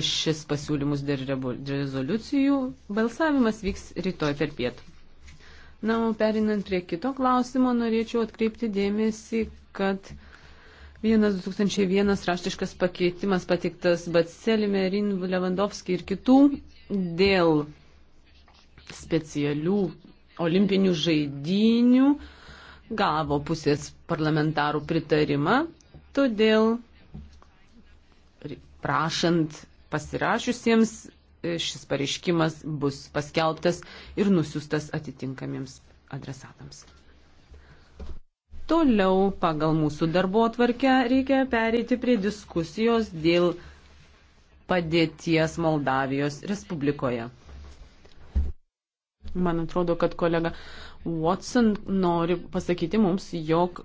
šešis pasiūlymus dėl rezoliucijų. Balsavimas vyks rytoj per pietų. Na, o perinant prie kito klausimo, norėčiau atkreipti dėmesį, kad vienas 2001 raštiškas pakeitimas patiktas Batselime, Rin, Levandovski ir kitų dėl specialių olimpinių žaidinių gavo pusės parlamentarų pritarimą, todėl prašant pasirašiusiems e, šis pareiškimas bus paskelbtas ir nusiustas atitinkamiems adresatams. Toliau pagal mūsų darbo atvarkę reikia pereiti prie diskusijos dėl padėties Moldavijos Respublikoje. Man atrodo, kad kolega Watson nori pasakyti mums, jog